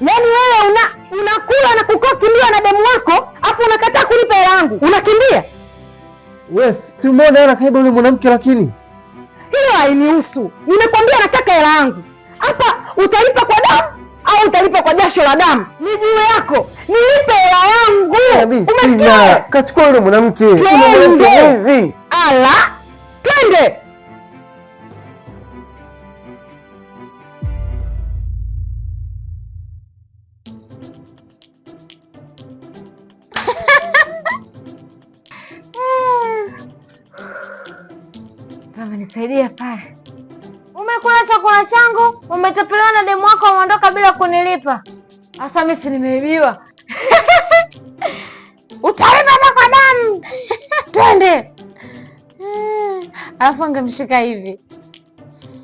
Yaani wewe una unakula na kukokimbia na demu wako, afu unakataa kulipa hela yangu, unakimbia wewe. Si umeona hela kaiba yule mwanamke? Lakini hiyo hainihusu, nimekwambia nataka hela yangu. Hapa utalipa kwa damu au utalipa kwa jasho la damu, ni juu yako. Nilipe hela yangu, yaani, umesikia? Kachukua yule mwanamke, twende ala, twende Amenisaidia pale. Umekula chakula changu, umetapeliwa na demu wako, umeondoka bila kunilipa. Sasa mimi si nimeibiwa? Utaiba mpaka damu. Twende. Hmm, alafu angemshika hivi